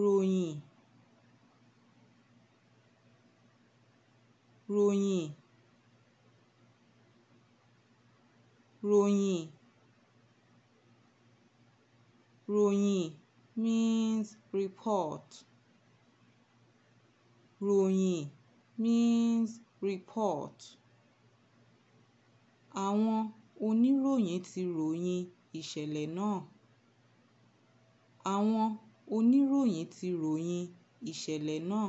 ròyìn ròyìn ròyìn ròyìn means report ròyìn means report àwọn oníròyìn ti ròyìn ìṣẹ̀lẹ̀ náà àwọn oníròyìn ti ròyìn ìṣẹ̀lẹ̀ náà